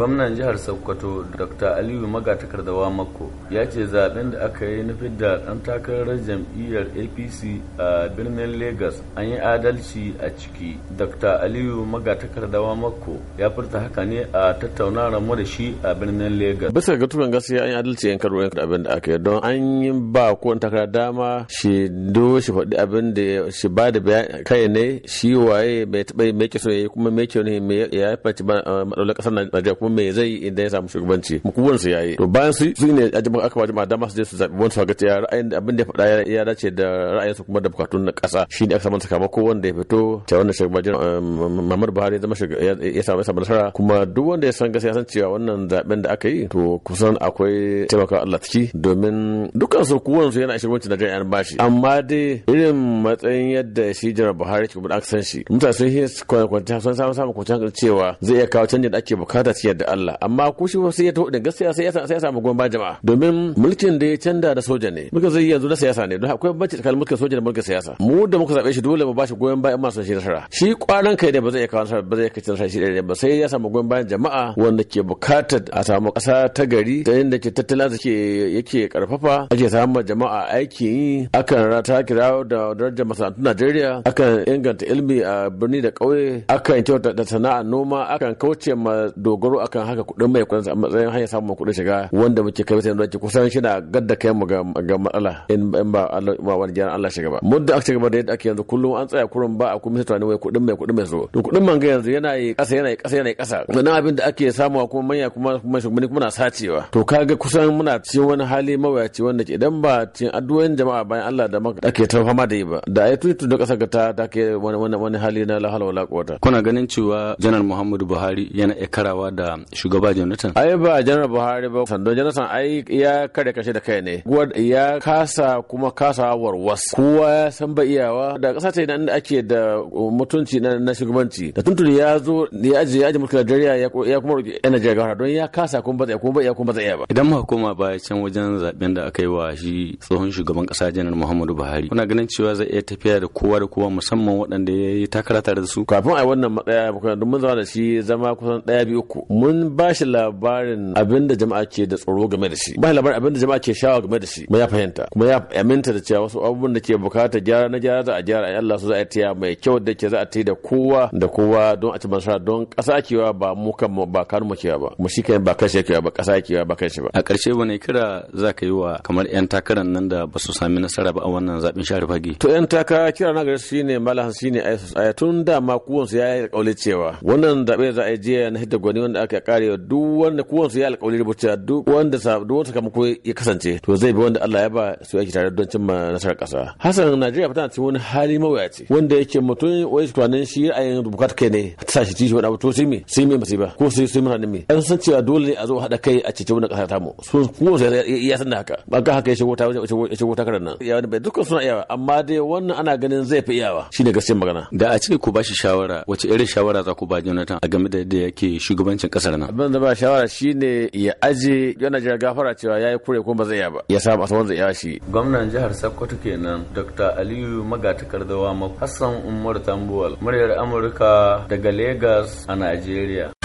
gwamnan jihar sokoto dr aliyu magatakardawa mako ya ce zaben da aka yi na fidda ɗan takarar jam'iyyar apc a birnin lagos an yi adalci a ciki dr aliyu magatakardawa mako ya furta haka ne a tattaunawar mu da shi a birnin lagos bisa ga tuban gaskiya an yi adalci yan karo yan abin da aka yi don an yi ba ko takara dama shi do shi faɗi abin da shi ba da kai ne shi waye bai taɓa mai kyau ne kuma mai kyau ne ya a matsalar ƙasar najeriya kuma mai zai idan ya samu shugabanci mukuwan su yayi to bayan su su ne a jama'a aka ba jama'a dama su je su zabi wani su ta ra'ayin da abin da ya faɗa ya dace da ra'ayin su kuma da bukatun na ƙasa shi shine aka samu sakamako wanda ya fito ta wannan shugabancin eh, Muhammadu Buhari ya zama ya samu samu nasara kuma duk wanda ya san gaskiya san cewa wannan zaben da aka yi to kusan akwai taimaka Allah ciki domin dukkan su kuwan su yana shugabanci na jami'an bashi amma dai irin matsayin yadda shi jiran Buhari ke kuma aka san shi mutane sun yi kwanakwanci sun samu samu kwanci cewa zai iya kawo canjin da ake bukata cikin da Allah amma ko shi sai ya taho da gaskiya sai ya samu jama'a domin mulkin da ya canza da soja ne muka zai yanzu na siyasa ne don akwai bambanci tsakanin mulkin soja da mulkin siyasa mu da muka zabe shi dole mu ba shi goyon bayan masu shi nasara shi kwanan kai ne ba zai kawo nasara ba zai kace nasara shi da ba sai ya samu goyon bayan jama'a wanda ke bukatar a samu kasa ta gari ta yadda ke tattalin arziki yake karfafa ake samun jama'a aiki yi akan ta kira da darajar masana'antu Najeriya akan inganta ilimi a birni da ƙauye akan kyauta da sana'a noma akan kauce ma dogaro akan haka kuɗin mai kuɗin a matsayin hanyar samun kuɗin shiga wanda muke kai sai yanzu kusan shi na gadda kai mu ga matsala in ba Allah ba wani jiran Allah shiga ba mudda aka shiga da yadda ake yanzu kullum an tsaya kurun ba a kuma sai tunani wai kuɗin mai kuɗin mai so to kuɗin manga yanzu yana yi ƙasa yana yi ƙasa yana yi ƙasa wannan abin da ake samu a kuma manya kuma kuma shugabanni kuma na sacewa to kaga kusan muna cikin wani hali mawuyaci wanda ke idan ba cikin addu'o'in jama'a bayan Allah da maka ake ta fama da yi ba da ai tutu da ƙasar ta ta ke wani wani hali na lahala wala kwata kuna ganin cewa janar Muhammadu Buhari yana ikarawa da shugaba Jonathan? Ai ba Janar Buhari ba sandon Jonathan ai ya kare kashe da kai ne. ya kasa kuma kasa warwas. Kowa ya san ba iyawa da kasa ce nan da ake da mutunci na shugabanci. Da tuntuni ya zo ya aje ya aje mulkin Najeriya ya kuma roƙi yan Najeriya don ya kasa kuma ba zai kuma ba iya kuma ba zai iya ba. Idan muka koma baya can wajen zaben da aka yi wa shi tsohon shugaban kasa Janar Muhammadu Buhari. Kuna ganin cewa zai iya tafiya da kowa da kowa musamman waɗanda ya yi takara tare da su. Kafin a yi wannan matsaya mun zama da shi zama kusan ɗaya biyu uku. mun ba shi labarin abin da jama'a ke da tsoro game da shi ba labarin abin da jama'a ke shawa game da shi kuma ya fahimta kuma ya aminta da cewa wasu abubuwan da ke bukata gyara na gyara za a gyara a Allah su za a tiya mai kyau da ke za a tiya da kowa da kowa don a ci nasara don ƙasa kewa ba mu kan ba kan mu kewa ba mu shi kan ba kan shi kewa ba ƙasa kewa ba kan shi ba a ƙarshe wani kira za ka yi wa kamar 'yan takarar nan da ba su sami nasara ba a wannan zaɓen share fage to 'yan takara kira na gari shine malam shine ayatun ma kuwansu ya yi kaule cewa wannan zaɓe za a yi jiya na hidda gwani wanda ta karewa duk wanda kowansu ya alƙawari da cewa duk wanda sa duk wanda kuma ko ya kasance to zai bi wanda Allah ya ba su yake tare don cimma nasarar ƙasa. Hassan Najeriya tana cikin wani hali mawuyaci wanda yake mutum wai tunanin shi a yin bukatar kai ne ta sashi tishi wani abu to sai me sai me masiba ko sai sai mutane me an san cewa dole ne a zo hada kai a cece wani ƙasa ta mu su kowansu ya san da haka ba ga haka ya shigo ta wajen ya shigo ta karan nan ya wani bai dukkan suna iyawa amma dai wannan ana ganin zai fi iyawa shi ne gaskiyar magana. Da a ce ku ba shi shawara wace irin shawara za ku ba Jonathan a game da yadda yake shugabancin kasar nan abin da ba shawara shine ya aje yana jira gafara cewa yayi kure ko ba zai iya ba ya saba sabon zai iya shi gwamnan jihar Sokoto kenan Dr. Aliyu Magatakardawa Hassan Umar Tambuwal muryar Amurka daga Lagos a Najeriya